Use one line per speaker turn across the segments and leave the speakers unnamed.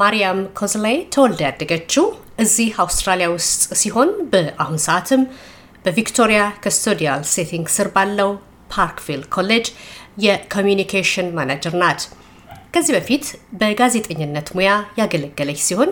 ማርያም ኮዝላይ ተወልደ ያደገችው እዚህ አውስትራሊያ ውስጥ ሲሆን በአሁን ሰዓትም በቪክቶሪያ ከስቶዲያል ሴቲንግ ስር ባለው ፓርክቪል ኮሌጅ የኮሚኒኬሽን ማናጀር ናት። ከዚህ በፊት በጋዜጠኝነት ሙያ ያገለገለች ሲሆን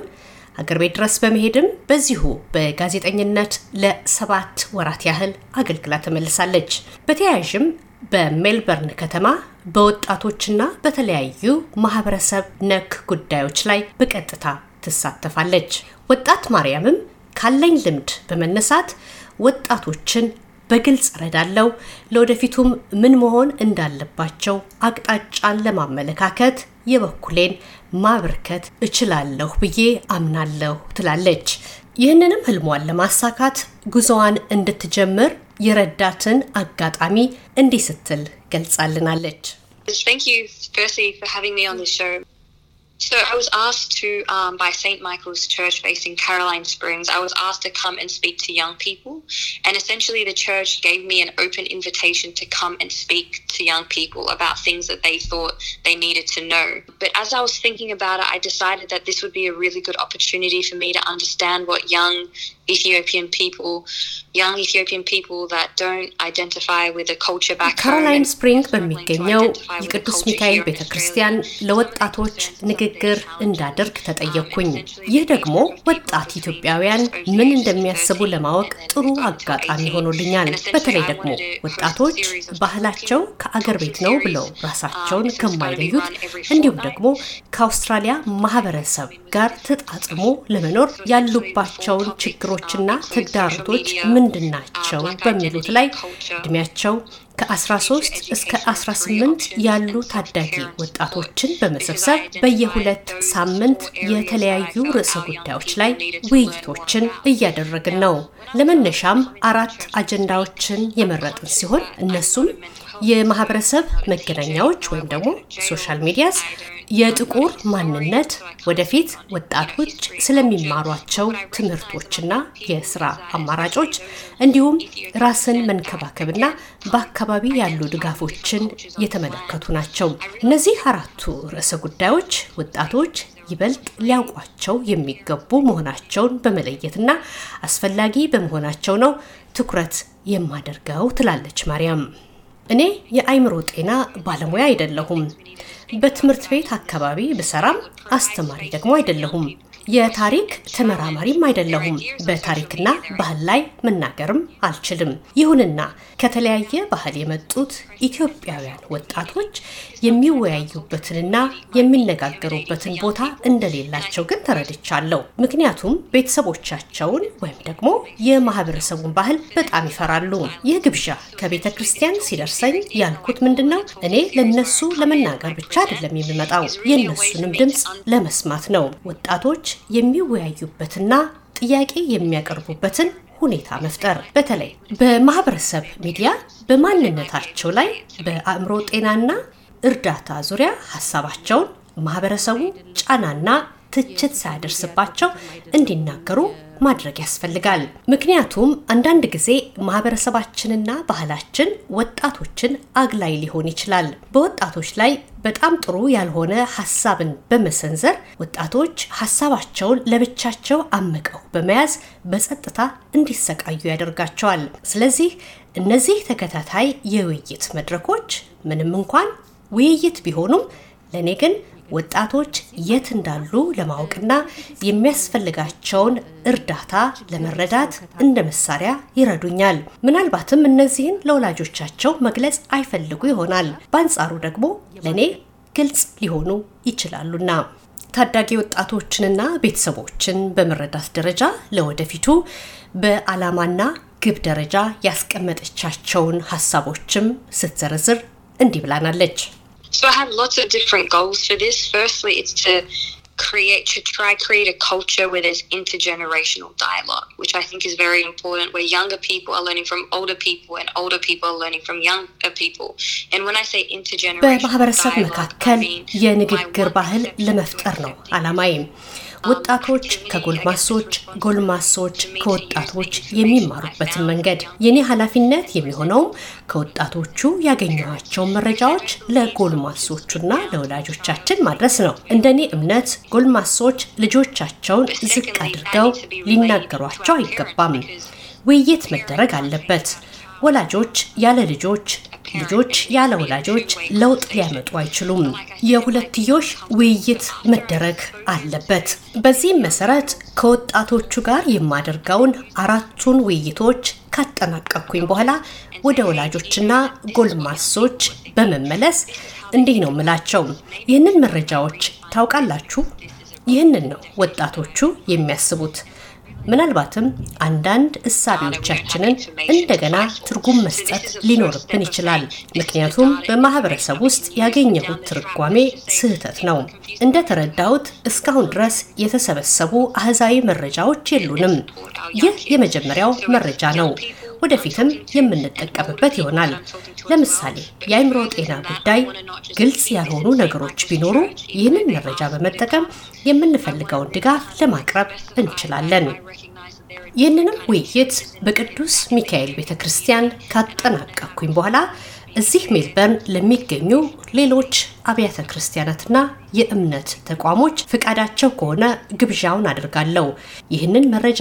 ሀገር ቤት ድረስ በመሄድም በዚሁ በጋዜጠኝነት ለሰባት ወራት ያህል አገልግላ ተመልሳለች። በተያያዥም በሜልበርን ከተማ በወጣቶችና በተለያዩ ማህበረሰብ ነክ ጉዳዮች ላይ በቀጥታ ትሳተፋለች። ወጣት ማርያምም ካለኝ ልምድ በመነሳት ወጣቶችን በግልጽ ረዳለው፣ ለወደፊቱም ምን መሆን እንዳለባቸው አቅጣጫን ለማመለካከት የበኩሌን ማበርከት እችላለሁ ብዬ አምናለሁ ትላለች። ይህንንም ህልሟን ለማሳካት ጉዞዋን እንድትጀምር የረዳትን አጋጣሚ እንዲህ ስትል ገልጻልናለች።
So I was asked to, um, by St. Michael's Church based in Caroline Springs, I was asked to come and speak to young people. And essentially, the church gave me an open invitation to come and speak to young people about things that they thought they needed to know. But as I was thinking about it, I decided that this would be a really good opportunity for me to understand what young Ethiopian people, young Ethiopian people that don't identify with a culture back
Caroline Spring ንግግር እንዳደርግ ተጠየቅኩኝ። ይህ ደግሞ ወጣት ኢትዮጵያውያን ምን እንደሚያስቡ ለማወቅ ጥሩ አጋጣሚ ሆኖልኛል። በተለይ ደግሞ ወጣቶች ባህላቸው ከአገር ቤት ነው ብለው ራሳቸውን ከማይለዩት እንዲሁም ደግሞ ከአውስትራሊያ ማህበረሰብ ጋር ተጣጥሞ ለመኖር ያሉባቸውን ችግሮችና ተግዳሮቶች ምንድናቸው በሚሉት ላይ እድሜያቸው ከ13 እስከ 18 ያሉ ታዳጊ ወጣቶችን በመሰብሰብ በየሁለት ሳምንት የተለያዩ ርዕሰ ጉዳዮች ላይ ውይይቶችን እያደረግን ነው። ለመነሻም አራት አጀንዳዎችን የመረጥን ሲሆን እነሱም የማህበረሰብ መገናኛዎች ወይም ደግሞ ሶሻል ሚዲያስ የጥቁር ማንነት ወደፊት ወጣቶች ስለሚማሯቸው ትምህርቶችና የስራ አማራጮች እንዲሁም ራስን መንከባከብና በአካባቢ ያሉ ድጋፎችን የተመለከቱ ናቸው። እነዚህ አራቱ ርዕሰ ጉዳዮች ወጣቶች ይበልጥ ሊያውቋቸው የሚገቡ መሆናቸውን በመለየትና አስፈላጊ በመሆናቸው ነው ትኩረት የማደርገው ትላለች ማርያም። እኔ የአይምሮ ጤና ባለሙያ አይደለሁም። በትምህርት ቤት አካባቢ ብሰራም አስተማሪ ደግሞ አይደለሁም። የታሪክ ተመራማሪም አይደለሁም። በታሪክና ባህል ላይ መናገርም አልችልም። ይሁንና ከተለያየ ባህል የመጡት ኢትዮጵያውያን ወጣቶች የሚወያዩበትንና የሚነጋገሩበትን ቦታ እንደሌላቸው ግን ተረድቻለሁ። ምክንያቱም ቤተሰቦቻቸውን ወይም ደግሞ የማህበረሰቡን ባህል በጣም ይፈራሉ። ይህ ግብዣ ከቤተ ክርስቲያን ሲደርሰኝ ያልኩት ምንድን ነው፣ እኔ ለነሱ ለመናገር ብቻ አይደለም የሚመጣው የነሱንም ድምፅ ለመስማት ነው። ወጣቶች የሚወያዩበትና ጥያቄ የሚያቀርቡበትን ሁኔታ መፍጠር በተለይ በማህበረሰብ ሚዲያ በማንነታቸው ላይ በአእምሮ ጤናና እርዳታ ዙሪያ ሀሳባቸውን ማህበረሰቡ ጫናና ትችት ሳያደርስባቸው እንዲናገሩ ማድረግ ያስፈልጋል። ምክንያቱም አንዳንድ ጊዜ ማህበረሰባችንና ባህላችን ወጣቶችን አግላይ ሊሆን ይችላል። በወጣቶች ላይ በጣም ጥሩ ያልሆነ ሀሳብን በመሰንዘር ወጣቶች ሀሳባቸውን ለብቻቸው አመቀው በመያዝ በጸጥታ እንዲሰቃዩ ያደርጋቸዋል። ስለዚህ እነዚህ ተከታታይ የውይይት መድረኮች ምንም እንኳን ውይይት ቢሆኑም ለእኔ ግን ወጣቶች የት እንዳሉ ለማወቅና የሚያስፈልጋቸውን እርዳታ ለመረዳት እንደ መሳሪያ ይረዱኛል። ምናልባትም እነዚህን ለወላጆቻቸው መግለጽ አይፈልጉ ይሆናል። በአንጻሩ ደግሞ ለእኔ ግልጽ ሊሆኑ ይችላሉና ታዳጊ ወጣቶችንና ቤተሰቦችን በመረዳት ደረጃ ለወደፊቱ በዓላማና ግብ ደረጃ ያስቀመጠቻቸውን ሀሳቦችም ስትዘረዝር እንዲህ ብላናለች።
So I have lots of different goals for this. Firstly, it's to create to try create a culture where there's intergenerational dialogue, which I think is very important, where younger people are learning from older people and older people are learning from younger people. And when I say
intergenerational dialogue, መካከል የንግግር ባህል ለመፍጠር ወጣቶች ከጎልማሶች፣ ጎልማሶች ከወጣቶች የሚማሩበትን መንገድ የኔ ኃላፊነት የሚሆነውም ከወጣቶቹ ያገኘኋቸውን መረጃዎች ለጎልማሶቹና ለወላጆቻችን ማድረስ ነው። እንደኔ እምነት ጎልማሶች ልጆቻቸውን ዝቅ አድርገው ሊናገሯቸው አይገባም። ውይይት መደረግ አለበት። ወላጆች ያለ ልጆች ልጆች ያለ ወላጆች ለውጥ ሊያመጡ አይችሉም። የሁለትዮሽ ውይይት መደረግ አለበት። በዚህም መሰረት ከወጣቶቹ ጋር የማደርገውን አራቱን ውይይቶች ካጠናቀቅኩኝ በኋላ ወደ ወላጆችና ጎልማሶች በመመለስ እንዲህ ነው ምላቸው፣ ይህንን መረጃዎች ታውቃላችሁ? ይህንን ነው ወጣቶቹ የሚያስቡት ምናልባትም አንዳንድ እሳቤዎቻችንን እንደገና ትርጉም መስጠት ሊኖርብን ይችላል። ምክንያቱም በማህበረሰብ ውስጥ ያገኘሁት ትርጓሜ ስህተት ነው። እንደተረዳሁት እስካሁን ድረስ የተሰበሰቡ አህዛዊ መረጃዎች የሉንም። ይህ የመጀመሪያው መረጃ ነው። ወደፊትም የምንጠቀምበት ይሆናል። ለምሳሌ የአይምሮ ጤና ጉዳይ ግልጽ ያልሆኑ ነገሮች ቢኖሩ ይህንን መረጃ በመጠቀም የምንፈልገውን ድጋፍ ለማቅረብ እንችላለን። ይህንንም ውይይት በቅዱስ ሚካኤል ቤተ ክርስቲያን ካጠናቀኩኝ በኋላ እዚህ ሜልበርን ለሚገኙ ሌሎች አብያተ ክርስቲያናትና የእምነት ተቋሞች ፍቃዳቸው ከሆነ ግብዣውን አድርጋለሁ። ይህንን መረጃ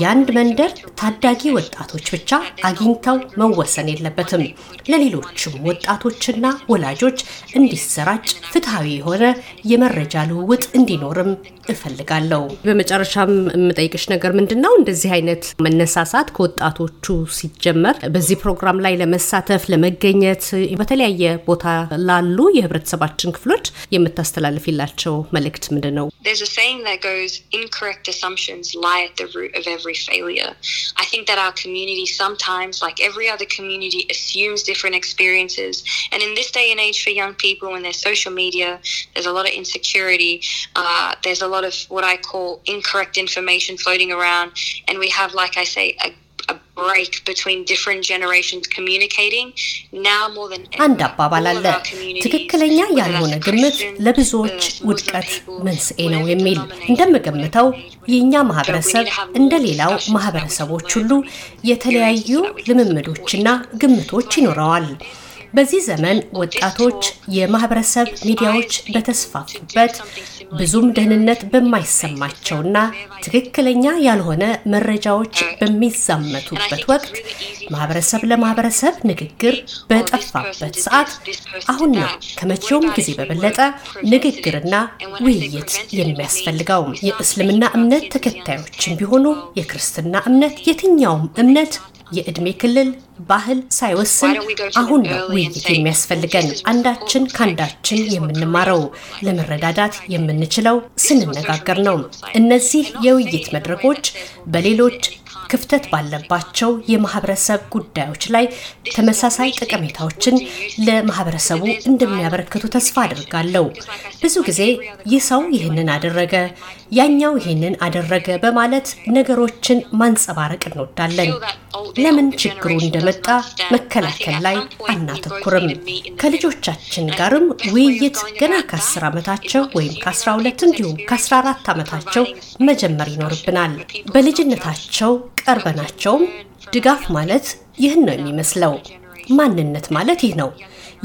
የአንድ መንደር ታዳጊ ወጣቶች ብቻ አግኝተው መወሰን የለበትም። ለሌሎችም ወጣቶችና ወላጆች እንዲሰራጭ ፍትሐዊ የሆነ የመረጃ ልውውጥ እንዲኖርም እፈልጋለሁ። በመጨረሻም የምጠይቅሽ ነገር ምንድን ነው? እንደዚህ አይነት መነሳሳት ከወጣቶቹ ሲጀመር በዚህ ፕሮግራም ላይ ለመሳተፍ ለመገኘት በተለያየ ቦታ ላሉ የህብረተሰባ ክፍሎች የምታስተላልፊላቸው መልእክት ምንድን ነው?
There's a saying that goes, incorrect assumptions lie at the root of every failure. I think that our community sometimes, like every other community, assumes different experiences. And in this day and age for young people and their social media, there's a lot of insecurity. Uh, there's a lot of what I call incorrect information floating around. And we have, like I say, a
አንድ አባባል አለ፣ ትክክለኛ ያልሆነ ግምት ለብዙዎች uh, ውድቀት መንስኤ ነው የሚል። እንደምገምተው የእኛ ማህበረሰብ እንደ ሌላው ማህበረሰቦች ሁሉ የተለያዩ ልምምዶችና ግምቶች ይኖረዋል። በዚህ ዘመን ወጣቶች የማህበረሰብ ሚዲያዎች በተስፋፉበት ብዙም ደህንነት በማይሰማቸውና ትክክለኛ ያልሆነ መረጃዎች በሚዛመቱበት ወቅት ማህበረሰብ ለማህበረሰብ ንግግር በጠፋበት ሰዓት አሁን ነው ከመቼውም ጊዜ በበለጠ ንግግርና ውይይት የሚያስፈልገው። የእስልምና እምነት ተከታዮችም ቢሆኑ የክርስትና እምነት፣ የትኛውም እምነት የእድሜ ክልል፣ ባህል ሳይወስን አሁን ነው ውይይት የሚያስፈልገን። አንዳችን ከአንዳችን የምንማረው ለመረዳዳት የምንችለው ስንነጋገር ነው። እነዚህ የውይይት መድረኮች በሌሎች ክፍተት ባለባቸው የማህበረሰብ ጉዳዮች ላይ ተመሳሳይ ጠቀሜታዎችን ለማህበረሰቡ እንደሚያበረክቱ ተስፋ አድርጋለሁ። ብዙ ጊዜ ይህ ሰው ይህንን አደረገ፣ ያኛው ይህንን አደረገ በማለት ነገሮችን ማንጸባረቅ እንወዳለን። ለምን ችግሩ እንደመጣ መከላከል ላይ አናተኩርም። ከልጆቻችን ጋርም ውይይት ገና ከ ከ10 ዓመታቸው ወይም ከ12 እንዲሁም ከ14 ዓመታቸው መጀመር ይኖርብናል። በልጅነታቸው ቀርበናቸውም ድጋፍ ማለት ይህን ነው የሚመስለው። ማንነት ማለት ይህ ነው።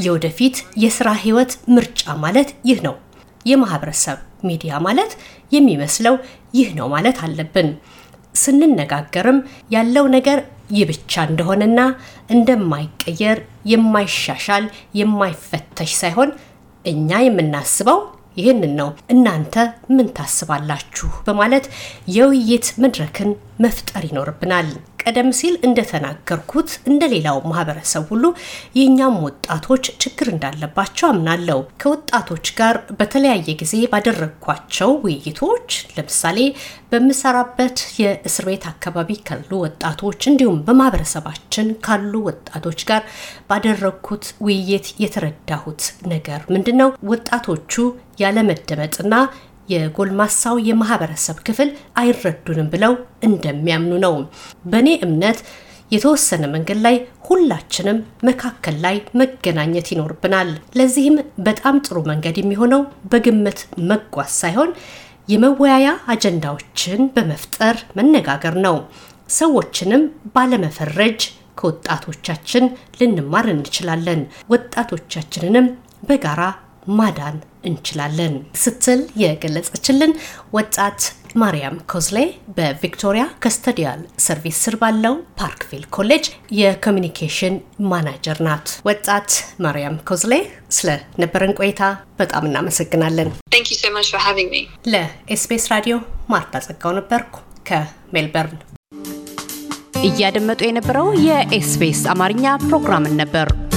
የወደፊት የስራ ህይወት ምርጫ ማለት ይህ ነው። የማህበረሰብ ሚዲያ ማለት የሚመስለው ይህ ነው ማለት አለብን። ስንነጋገርም ያለው ነገር ይህ ብቻ እንደሆነና እንደማይቀየር የማይሻሻል የማይፈተሽ ሳይሆን እኛ የምናስበው ይህንን ነው እናንተ ምን ታስባላችሁ በማለት የውይይት መድረክን መፍጠር ይኖርብናል። ቀደም ሲል እንደተናገርኩት እንደ ሌላው ማህበረሰብ ሁሉ የእኛም ወጣቶች ችግር እንዳለባቸው አምናለሁ። ከወጣቶች ጋር በተለያየ ጊዜ ባደረግኳቸው ውይይቶች ለምሳሌ በምሰራበት የእስር ቤት አካባቢ ካሉ ወጣቶች እንዲሁም በማህበረሰባችን ካሉ ወጣቶች ጋር ባደረግኩት ውይይት የተረዳሁት ነገር ምንድን ነው? ወጣቶቹ ያለመደመጥና የጎልማሳው የማህበረሰብ ክፍል አይረዱንም ብለው እንደሚያምኑ ነው። በእኔ እምነት የተወሰነ መንገድ ላይ ሁላችንም መካከል ላይ መገናኘት ይኖርብናል። ለዚህም በጣም ጥሩ መንገድ የሚሆነው በግምት መጓዝ ሳይሆን የመወያያ አጀንዳዎችን በመፍጠር መነጋገር ነው። ሰዎችንም ባለመፈረጅ ከወጣቶቻችን ልንማር እንችላለን። ወጣቶቻችንንም በጋራ ማዳን እንችላለን ስትል የገለጸችልን ወጣት ማርያም ኮዝሌ በቪክቶሪያ ከስተዲያል ሰርቪስ ስር ባለው ፓርክቪል ኮሌጅ የኮሚኒኬሽን ማናጀር ናት። ወጣት ማርያም ኮዝሌ ስለነበረን ቆይታ በጣም እናመሰግናለን። ለኤስቢኤስ ራዲዮ ማርታ ጸጋው ነበርኩ ከሜልበርን። እያደመጡ የነበረው የኤስቢኤስ አማርኛ ፕሮግራምን ነበር።